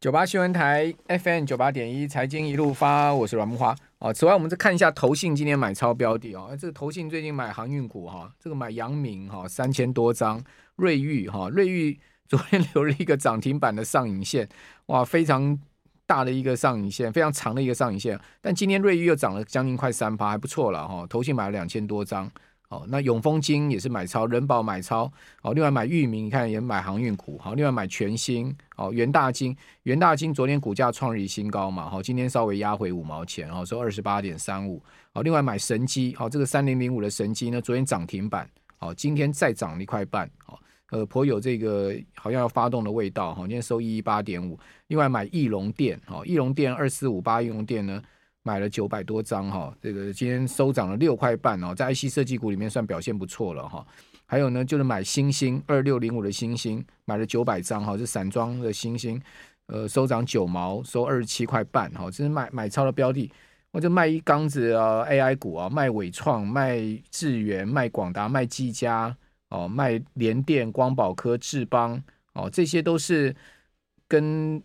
九八新聞台 FM 九八點一，財經一路發，我是阮慕驊。好，此外，我們再看一下投信今天買超標的哦。這個投信最近買航運股哈，這個買陽明哈三千多張，瑞玉哈，瑞玉昨天留了一個漲停板的上影線，哇，非常大的一個上影線，非常長的一個上影線。但今天瑞玉又漲了將近快三趴，還不錯了哈。投信買了兩千多張。哦，那永豐金也是買超，人保買超、哦，另外買裕民，你看也買航運股，好、哦，另外買全新、哦，元大金，元大金昨天股價創歷史新高嘛，好、哦，今天稍微壓回五毛錢，然後、哦、收二十八點三五，好、哦，另外買神機，好、哦，這個三零零五的神機呢，昨天漲停板，好、哦，今天再漲一塊半，哦，呃，頗有這個好像要發動的味道，哈、哦，今天收一一八點五，另外買義隆電，義隆電二四五八，義隆電呢，買了九百多張哈，這個今天收漲了六塊半哦，在 IC 設計股裡面算表現不錯了哈。還有呢，就是買新興二六零五的新興，買了九百張哈，是散裝的新興，呃，收漲九毛，收二十七塊半哈。這是買買超的標的，我就賣一缸子啊 AI 股啊，賣緯創，賣智原，賣廣達，賣技嘉，哦，賣聯電、光寶科、智邦，哦，這些都是跟。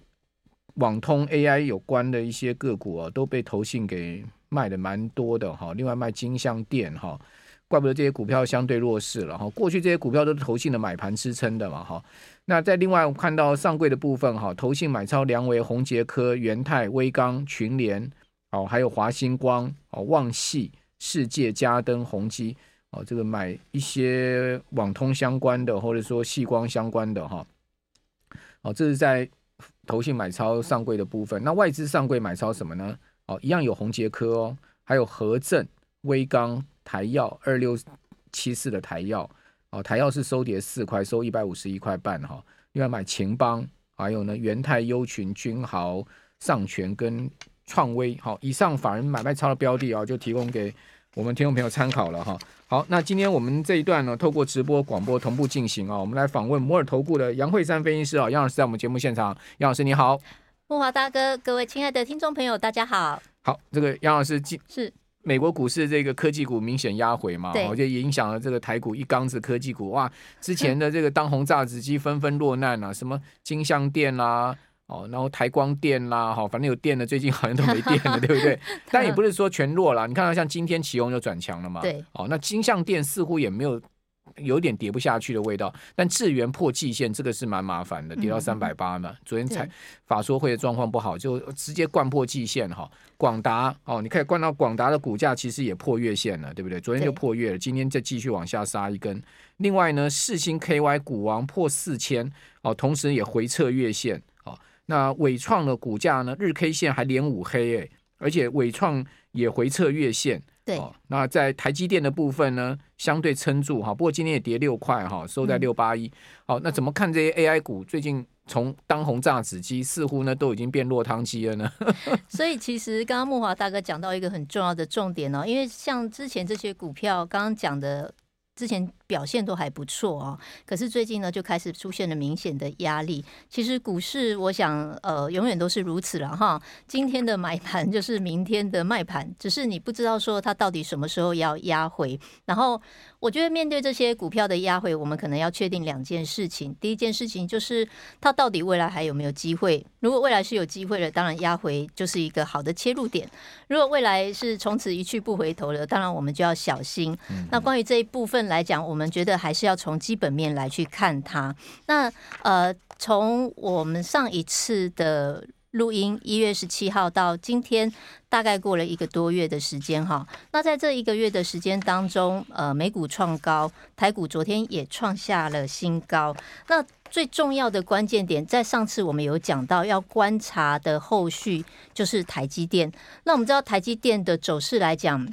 網通 AI 有關的一些個股啊，都被投信給賣的蠻多的哈。另外賣金像電哈，怪不得這些股票相對弱勢了哈。過去這些股票都是投信的買盤支撐的嘛哈。那在另外我看到上櫃的部分哈，投信買超良維、宏捷科、元太、威剛、群聯哦，還有華星光哦、旺矽、世界家登、宏基哦，這個買一些網通相關的或者說矽光相關的哈。哦，這是在。投信買超上櫃的部分，那外資上櫃買超什麼呢？哦，一樣有宏捷科哦，還有合正、威剛、台耀二六七四的台耀哦，台耀是收跌四塊，收一百五十一塊半哈、哦。另外買勤邦，還有呢元泰優群、君豪、上權跟創威。好、哦，以上法人買賣超的標的哦，就提供給。我們聽眾朋友參考了哈，好，那今天我們這一段呢，透過直播廣播同步進行啊，我們來訪問摩爾投顧的楊惠珊分析師啊，楊老師在我們節目現場，楊老師你好，慕驊大哥，各位親愛的聽眾朋友，大家好，好，這個楊老師是美國股市這個科技股明顯壓回嘛，對，我、哦、就影響了這個台股一缸子科技股，哇，之前的這個當紅炸子雞紛紛落難啊，嗯、什麼金像電啊。哦，然後台光電啦，哈、哦，反正有電的，最近好像都沒電了， 對不對？但也不是說全弱啦。 你看到像今天奇鋐就轉強了嘛？對。哦，那金像電似乎也沒有，有點跌不下去的味道。但智原破季線，這個是蠻麻煩的，跌到三百八嘛，嗯嗯。昨天才法說會的狀況不好，就直接灌破季線哈、哦。廣達哦，你看灌到廣達的股價其實也破月線了，對不對？昨天就破月了，今天再繼續往下殺一根。另外呢，世芯 KY 股王破四千哦，同時也回撤月線。那尾創的股價呢？日 K 線還連五黑誒、欸，而且尾創也回撤月線。對，哦、那在台積電的部分呢，相對撐住哈，不過今天也跌六塊哈，收在六八一。好、嗯哦，那怎麼看這些 AI 股？最近從當紅炸子雞，似乎呢都已經變落湯雞了呢。 所以其實剛剛慕驊大哥講到一個很重要的重點哦，因為像之前這些股票剛剛講的。之前表現都還不錯哦，可是最近呢就開始出現了明顯的壓力。其實股市，我想，呃，永遠都是如此了哈。今天的買盤就是明天的賣盤，只是你不知道說它到底什麼時候要壓回，然後。我覺得面對這些股票的壓回，我們可能要確定兩件事情。第一件事情就是它到底未來還有沒有機會？如果未來是有機會的，當然壓回就是一個好的切入點；如果未來是從此一去不回頭了，當然我們就要小心。那關於這一部分來講，我們覺得還是要從基本面來去看它。那呃，從我們上一次的錄音一月十七號到今天，大概過了一個多月的時間哈。那在這一個月的時間當中，呃，美股創高，台股昨天也創下了新高。那最重要的關鍵點，在上次我們有講到要觀察的後續，就是台積電。那我們知道台積電的走勢來講，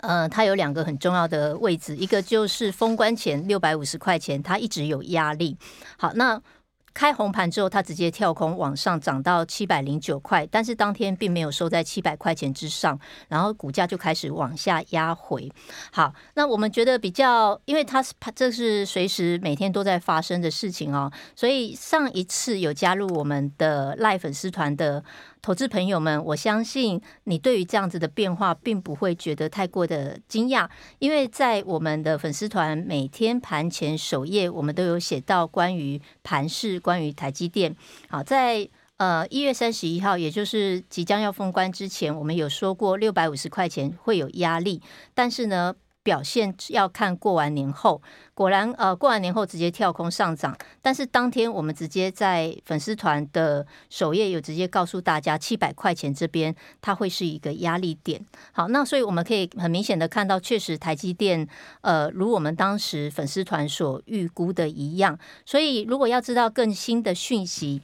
呃，它有兩個很重要的位置，一個就是封關前六百五十塊錢，它一直有壓力。好，那開紅盤之後，它直接跳空往上漲到七百零九塊，但是當天並沒有收在七百塊錢之上，然後股價就開始往下壓回。好，那我們覺得比較，因為它是這是隨時每天都在發生的事情哦，所以上一次有加入我們的 LINE 粉絲團的投資朋友們，我相信你對於這樣子的變化，並不會覺得太過的驚訝，因為在我們的粉絲團每天盤前首頁，我們都有寫到關於盤勢。關於台積電，好，在呃一月三十一號，也就是即將要封關之前，我們有說過六百五十塊錢會有壓力，但是呢。表現要看過完年後，果然，呃，過完年後直接跳空上漲。但是當天我們直接在粉絲團的首頁有直接告訴大家，七百塊錢這邊它會是一個壓力點。好，那所以我們可以很明顯的看到，確實台積電，呃，如我們當時粉絲團所預估的一樣。所以如果要知道更新的訊息，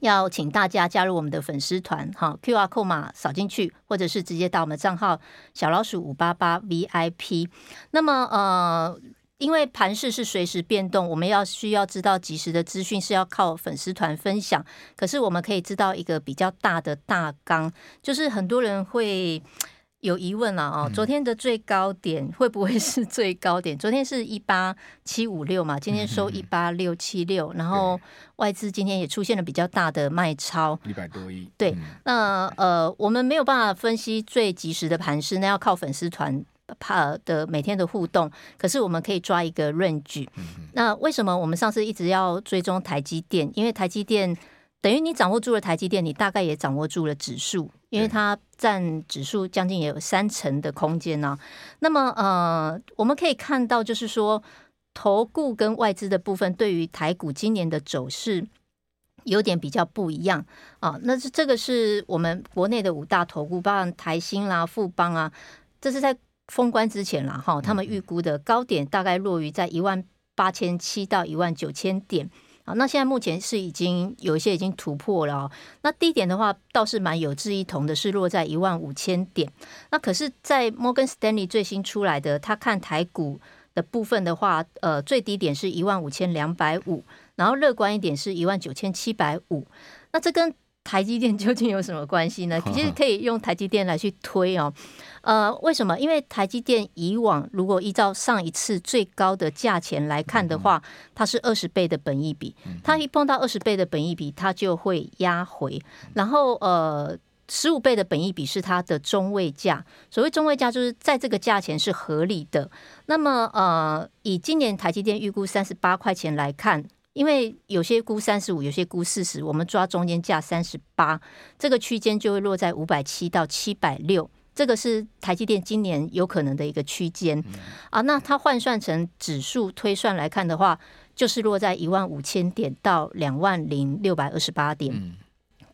要請大家加入我們的粉絲團，哈，Q R 碼掃進去，或者是直接到我們賬號小老鼠五八八 V I P。那麼，呃，因為盤勢是隨時變動，我們要需要知道即時的資訊是要靠粉絲團分享。可是，我們可以知道一個比較大的大綱，就是很多人會。有疑問了啊、哦？昨天的最高點會不會是最高點？嗯、昨天是一八七五六嘛，今天收一八六七六，然後外資今天也出現了比較大的賣超，一百多億。對，嗯、那呃，我們沒有辦法分析最即時的盤勢，那要靠粉絲團怕的每天的互動。可是我們可以抓一個 range、嗯。那為什麼我們上次一直要追蹤台積電？因為台積電。等於你掌握住了台積電，你大概也掌握住了指數，因為它占指數將近也有三成的空間呢、啊嗯。那麼呃，我們可以看到，就是說，投顧跟外資的部分對於台股今年的走勢有點比較不一樣啊。那是這個是我們國內的五大投顧，包括台新啦、啊、富邦啊，這是在封關之前啦哈，他們預估的高點大概落於在一萬八千七到一萬九千點。那現在目前是已經有一些已經突破了哦。那低點的話倒是蠻有志一同的，是落在一萬五千點。那可是，在 Morgan Stanley 最新出來的，他看台股的部分的話，呃，最低點是一萬五千兩百五，然後樂觀一點是一萬九千七百五。那這跟台積電究竟有什麼關係呢？其實可以用台積電來去推哦。呃，為什麼？因為台積電以往如果依照上一次最高的價錢來看的話，它是二十倍的本益比。它一碰到二十倍的本益比，它就會壓回。然後呃，十五倍的本益比是它的中位價。所謂中位價，就是在這個價錢是合理的。那麼呃，以今年台積電預估三十八塊錢來看。因為有些估三十五，有些估四十，我們抓中間價三十八，這個區間就會落在五百七到七百六，這個是台積電今年有可能的一個區間啊。那它換算成指數推算來看的話，就是落在一萬五千點到兩萬零六百二十八點，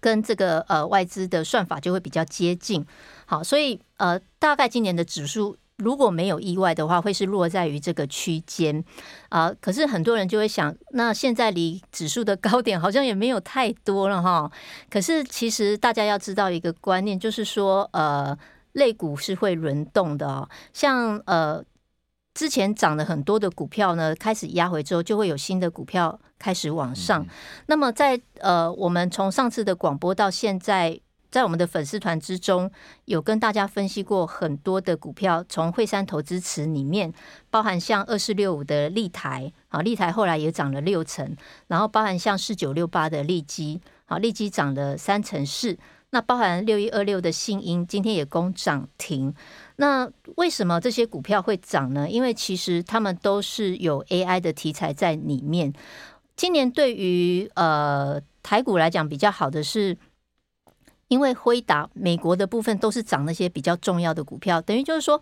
跟這個呃外資的算法就會比較接近。好，所以呃，大概今年的指數。如果沒有意外的話，會是落在於這個區間啊、呃。可是很多人就會想，那現在離指數的高點好像也沒有太多了哈。可是其實大家要知道一個觀念，就是說，呃，類股是會輪動的哦。像呃，之前漲了很多的股票呢，開始壓回之後，就會有新的股票開始往上。嗯嗯那麼在呃，我們從上次的廣播到現在。在我們的粉絲團之中，有跟大家分析過很多的股票，從惠山投資池裡面，包含像二四六五的麗臺，啊，麗臺後來也漲了六成，然後包含像四九六八的立積，啊，立積漲了三成四，那包含六一二六的信音，今天也攻漲停。那為什麼這些股票會漲呢？因為其實他們都是有 AI 的題材在裡面。今年對於呃台股來講比較好的是。因為輝達、美國的部分都是漲那些比較重要的股票，等於就是說，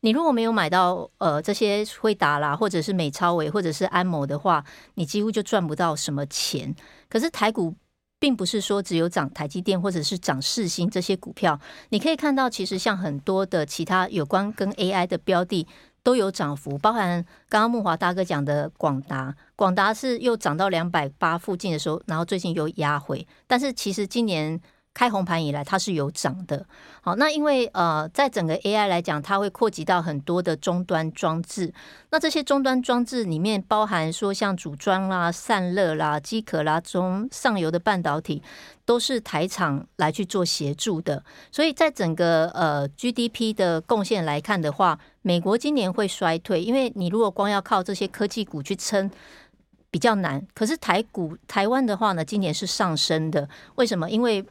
你如果沒有買到呃這些輝達啦，或者是美超微，或者是安謀的話，你幾乎就賺不到什麼錢。可是台股並不是說只有漲台積電或者是漲世芯這些股票，你可以看到，其實像很多的其他有關跟 AI 的標的都有漲幅，包含剛剛慕驊大哥講的廣達，廣達是又漲到兩百八附近的時候，然後最近又壓回，但是其實今年開紅盤以來，它是有漲的。好，那因為呃，在整個 AI 來講，它會擴及到很多的終端裝置。那這些終端裝置裡面包含說，像組裝啦、散熱啦、機殼啦，中上游的半導體都是台廠來去做協助的。所以在整個呃 GDP 的貢獻來看的話，美國今年會衰退，因為你如果光要靠這些科技股去撐，比較難。可是台股台灣的話呢，今年是上升的。為什麼？因為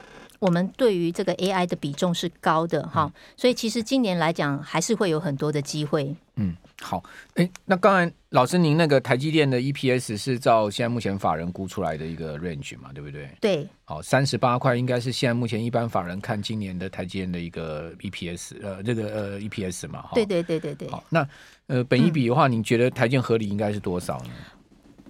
我們對於這個 AI 的比重是高的哈、嗯，所以其實今年來講還是會有很多的機會。嗯，好，哎、欸，那剛才老師您那個台積電的 EPS 是照現在目前法人估出來的一個 range 嘛，對不對？對，好，三十八塊應該是現在目前一般法人看今年的台積電的一個 EPS，呃，這個呃 EPS 嘛。對對對對對。好，那呃，本益比的話，您、嗯、覺得台積電合理應該是多少呢？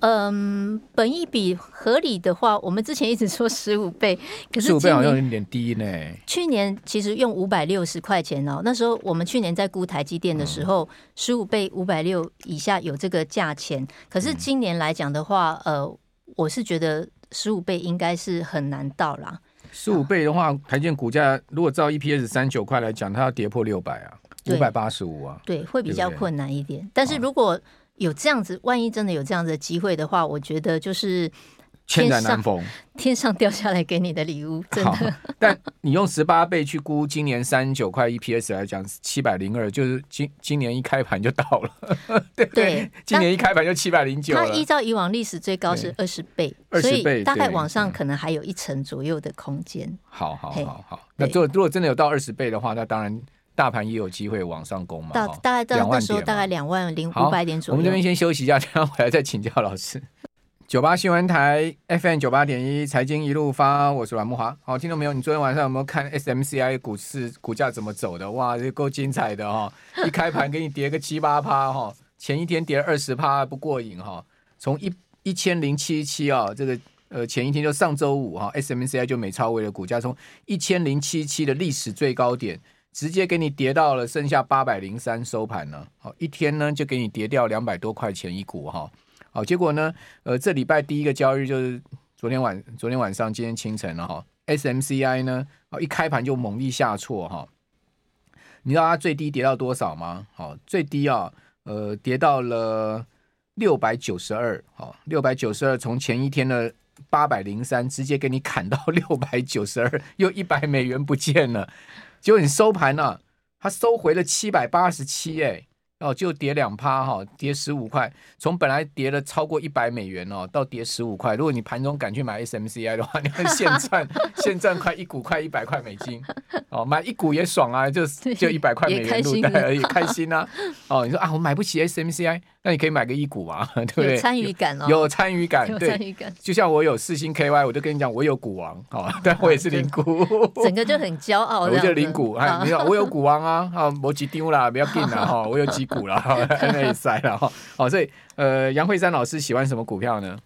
嗯，本益比合理的話，我們之前一直說十五倍，可是十五倍好像有點低呢。去年其實用五百六十塊錢哦，那時候我們去年在估台積電的時候，十、嗯、五倍五百六以下有這個價錢。可是今年來講的話，嗯、呃，我是覺得十五倍應該是很難到啦。十五倍的話，台積電股價如果照 EPS 三九塊來講，它要跌破六百啊，五百八十五啊，對，對，會比較困難一點。對對，但是如果、哦有這樣子，萬一真的有這樣子的機會的話，我覺得就是千載難逢，天上掉下來給你的禮物，真的。但你用十八倍去估今年三十九塊一 EPS 來講，七百零二就是今今年一開盤就到了， 對對,對？今年一開盤就七百零九。它依照以往歷史最高是二十倍，二十倍大概往上、嗯、可能還有一成左右的空間。好好好好，hey, 那如果如果真的有到二十倍的話，那當然。大盤也有機會往上攻嘛？到大，大概到那時候，大概兩萬零五百點左右。我們這邊先休息一下，等下回來再請教老師。九 八新聞台 FM 九八點一，財經一路發，我是阮慕驊。好，聽到沒有？你昨天晚上有沒有看 SMCI 股市股價怎麼走的？哇，這夠精彩的哦！一開盤給你跌個七八趴哈，哦、 前一天跌了二十趴不過癮哈。從一一千零七七啊，這個呃前一天就上周五哈、哦、SMCI 就美超微的股價從一千零七七的歷史最高點。直接給你跌到了剩下八百零三收盤了，好，一天呢就給你跌掉兩百多塊錢一股哈，好，結果呢，呃這禮拜第一個交易日就是昨天晚昨天晚上今天清晨了哈，SMCI 呢，啊、哦、一開盤就猛力下挫哈，你知道它最低跌到多少嗎？好，最低啊，呃跌到了六百九十二，好，六百九十二，從前一天的。八百零三，直接給你砍到六百九十二，又一百美元不見了。結果你收盤呢、啊，它收回了七百八十七，哎，哦，就跌兩趴哈，跌十五塊，從本來跌了超過一百美元哦，到跌十五塊。如果你盤中敢去買 SMCI 的話，你看現賺 現賺快一股快一百塊美金哦，買一股也爽啊，就就一百塊美元入袋而已，也開心吶、啊。哦，你說啊，我買不起 SMCI。那你可以買個一股嘛，對不對？有參與感哦，有參與感，對參與感，就像我有四星 KY，我就跟你講，我有股王啊、哦，但我也是零股，啊、 整個就很驕傲。我就零股， 哎，你看我有股王啊，啊，我幾丟啦，不要變啦哈、 哦，我有幾股了， 那裡塞了哈，好、哦，所以呃，楊慧山老師喜歡什麼股票呢？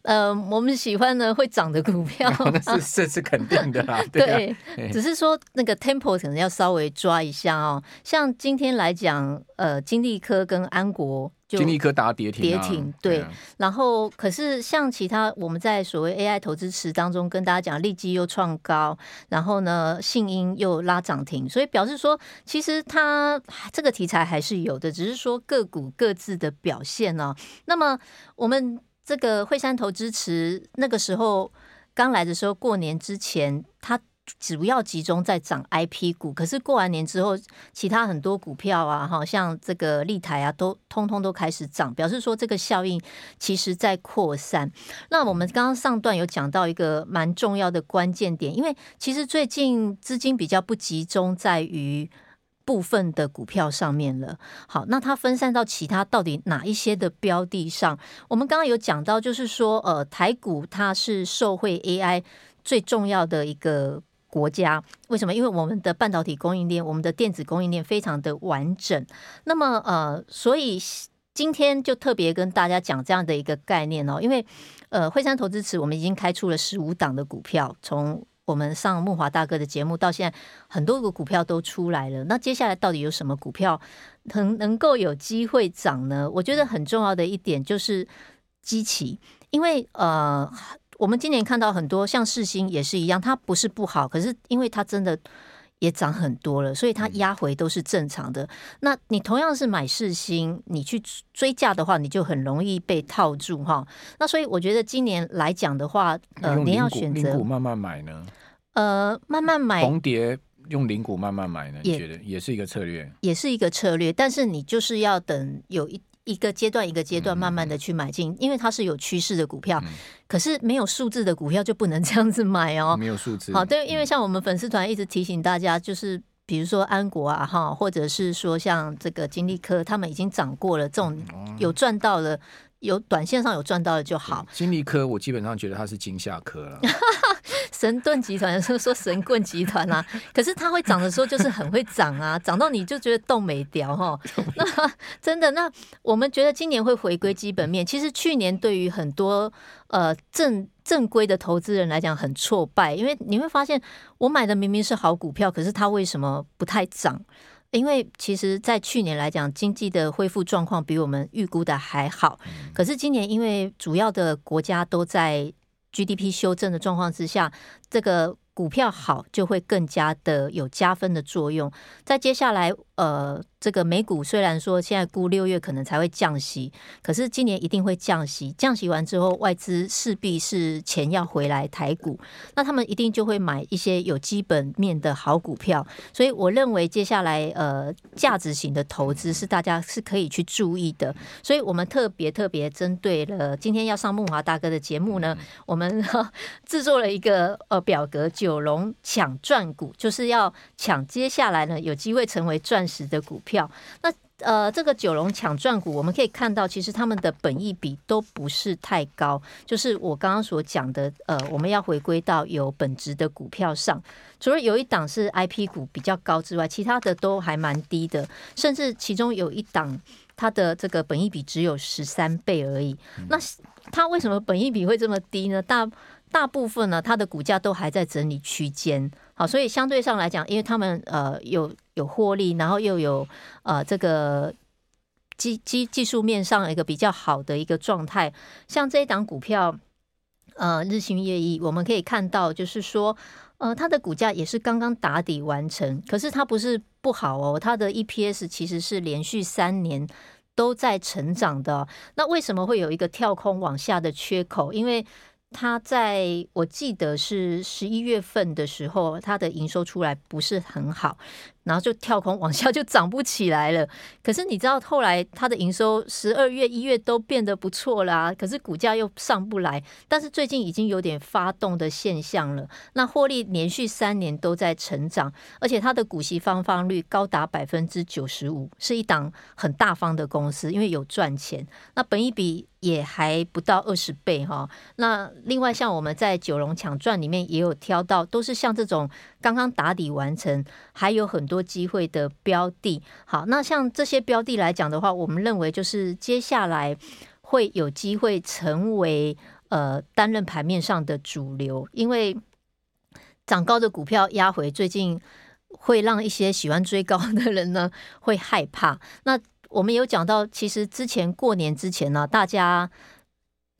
呃，我們喜歡呢，會漲的股票， 啊、那是這是，是肯定的啦。對、啊對哎，只是說那個 Tempo 可能要稍微抓一下哦。像今天來講，呃，金立科跟安國。經歷一顆跌停，跌停、啊、跌停對、嗯，然後可是像其他我們在所謂 AI 投資池當中跟大家講，立積又創高，然後呢信音又拉漲停，所以表示說其實它這個題材還是有的，只是說各股各自的表現呢。啊。 那麼我們這個惠珊投資池那個時候剛來的時候，過年之前它。主要集中在漲 I P 股，可是過完年之後，其他很多股票啊，好像這個麗臺啊，都通通都開始漲，表示說這個效應其實在擴散。那我們剛剛上段有講到一個蠻重要的關鍵點，因為其實最近資金比較不集中在於部分的股票上面了。好，那它分散到其他到底哪一些的標的上？我們剛剛有講到，就是說，呃，台股它是受惠 A I 最重要的一個。國家為什麼？因為我們的半導體供應鏈、我們的電子供應鏈非常的完整。那麼，呃，所以今天就特別跟大家講這樣的一個概念哦。因為，呃，惠珊投資池我們已經開出了十五檔的股票。從我們上慕驊大哥的節目到現在，很多個股票都出來了。那接下來到底有什麼股票能能夠有機會漲呢？我覺得很重要的一點就是機器，因為呃。我們今年看到很多像世芯也是一樣，它不是不好，可是因為它真的也漲很多了，所以它壓回都是正常的。嗯、那你同樣是買世芯，你去追價的話，你就很容易被套住哈。那所以我覺得今年來講的話，呃，你要選擇用零股慢慢買呢？呃，慢慢買紅蝶用零股慢慢買呢，你覺得也是一個策略，也是一個策略，但是你就是要等有一。一個階段一個階段慢慢的去買進，嗯、因為它是有趨勢的股票，嗯，可是沒有數字的股票就不能這樣子買哦。沒有數字，好，對，因為像我們粉絲團一直提醒大家，嗯、就是比如說安國啊，哈，或者是說像這個金麗科，他們已經漲過了，這種有賺到了。有短線上有賺到的就好。心理科，我基本上覺得他是驚嚇科了、啊。 神盾集團是不是說神棍集團啊？ 可是它會漲的時候就是很會漲啊，漲到你就覺得動沒掉哈。 那真的，那我們覺得今年會回歸基本面。其實去年對於很多呃正正規的投資人來講很挫敗，因為你會發現我買的明明是好股票，可是它為什麼不太漲？因為其實，在去年來講，經濟的恢復狀況比我們預估的還好。可是今年，因為主要的國家都在 GDP 修正的狀況之下，這個股票好就會更加的有加分的作用。在接下來。呃，這個美股雖然說現在估六月可能才會降息，可是今年一定會降息。降息完之後，外資勢必是錢要回來台股，那他們一定就會買一些有基本面的好股票。所以我認為接下來呃，價值型的投資是大家是可以去注意的。所以我們特別特別針對了今天要上慕驊大哥的節目呢，我們製作了一個呃表格，九龍搶賺股就是要搶接下來呢有機會成為賺十的股票，那呃，這個九龍搶賺股，我們可以看到，其實他們的本益比都不是太高。就是我剛剛所講的，呃，我們要回歸到有本質的股票上，除了有一檔是 IP 股比較高之外，其他的都還蠻低的。甚至其中有一檔，它的這個本益比只有十三倍而已。嗯。那它為什麼本益比會這麼低呢？大大部分呢，它的股價都還在整理區間。好，所以相對上來講，因為他們呃有。有獲利，然後又有呃這個技技技術面上一個比較好的一個狀態。像這一檔股票，呃，日新月異，我們可以看到，就是說，呃，它的股價也是剛剛打底完成，可是它不是不好哦，它的 EPS 其實是連續三年都在成長的。那為什麼會有一個跳空往下的缺口？因為它在我記得是十一月份的時候，它的營收出來不是很好。然後就跳空往下，就漲不起來了。可是你知道，後來它的營收十二月、一月都變得不錯啦、啊。可是股價又上不來。但是最近已經有點發動的現象了。那獲利連續三年都在成長，而且它的股息發放率高達百分之九十五，是一檔很大方的公司，因為有賺錢。那本益比也還不到二十倍哈、哦。那另外像我們在九龍搶賺裡面也有挑到，都是像這種剛剛打底完成，還有很多。機會的標的，好，那像這些標的來講的話，我們認為就是接下來會有機會成為呃擔任盤面上的主流，因為漲高的股票壓回，最近會讓一些喜歡追高的人呢會害怕。那我們有講到，其實之前過年之前呢、啊，大家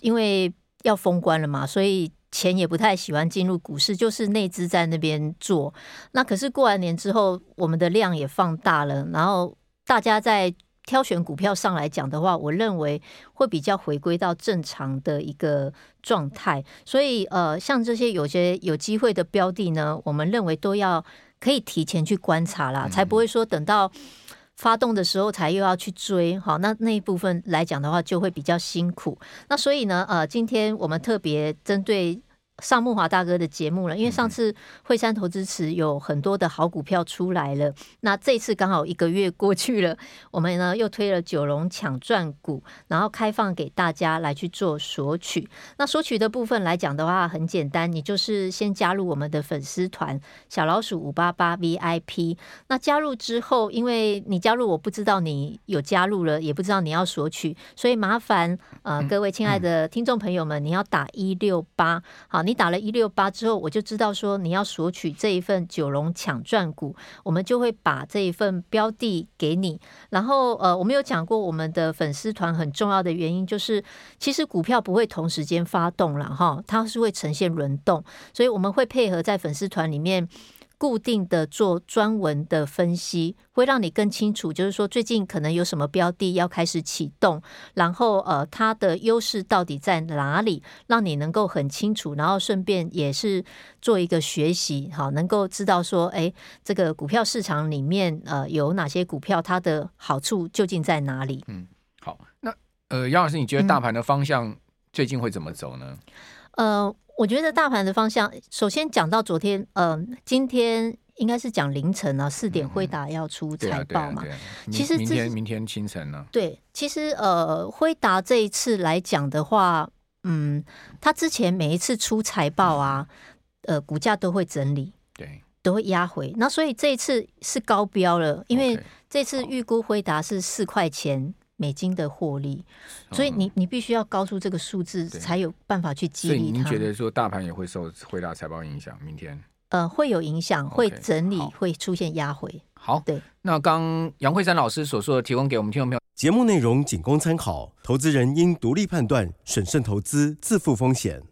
因為要封關了嘛，所以。錢也不太喜歡進入股市，就是內資在那邊做。那可是過完年之後，我們的量也放大了，然後大家在挑選股票上來講的話，我認為會比較回歸到正常的一個狀態。所以呃，像這些有些有機會的標的呢，我們認為都要可以提前去觀察啦，才不會說等到。發動的時候才又要去追，好，那那一部分來講的話，就會比較辛苦，那所以呢，呃，今天我們特別針對。上慕驊大哥的節目了，因為上次惠珊投資池有很多的好股票出來了，那這次剛好一個月過去了，我們呢又推了九龍搶鑽股，然後開放給大家來去做索取。那索取的部分來講的話，很簡單，你就是先加入我們的粉絲團小老鼠五八八 VIP。那加入之後，因為你加入我不知道你有加入了，也不知道你要索取，所以麻煩、呃、各位親愛的聽眾朋友們，嗯嗯、你要打一六八好。你打了一六八之後，我就知道說你要索取這一份九龍搶賺股，我們就會把這一份標的給你。然後呃，我們有講過我們的粉絲團很重要的原因就是，其實股票不會同時間發動了哈，它是會呈現輪動，所以我們會配合在粉絲團裡面。固定的做專文的分析，會讓你更清楚，就是說最近可能有什麼標的要開始啟動，然後呃，它的優勢到底在哪裡，讓你能夠很清楚，然後順便也是做一個學習，好能夠知道說，誒、欸，這個股票市場裡面呃有哪些股票，它的好處究竟在哪裡？嗯，好，那呃，楊老師，你覺得大盤的方向最近會怎麼走呢？嗯、呃。我覺得大盤的方向，首先講到昨天，嗯、呃，今天應該是講凌晨啊，四點輝達要出財報嘛。嗯啊啊啊、其實明天明天清晨呢。對，其實呃，輝達這一次來講的話，嗯，他之前每一次出財報啊，嗯、呃，股價都會整理，對，都會壓回。那所以這一次是高標了，因為這次預估輝達是四塊錢。Okay 哦美金的獲利，所以你你必須要高出這個數字，才有辦法去激勵他。所以您覺得說，大盤也會受輝達財報影響，明天？呃，會有影響，okay, 會整理，會出現壓回。好，對。那剛楊慧珊老師所說的，提供給我們聽眾朋友，節目內容僅供參考，投資人應獨立判斷，審慎投資，自負風險。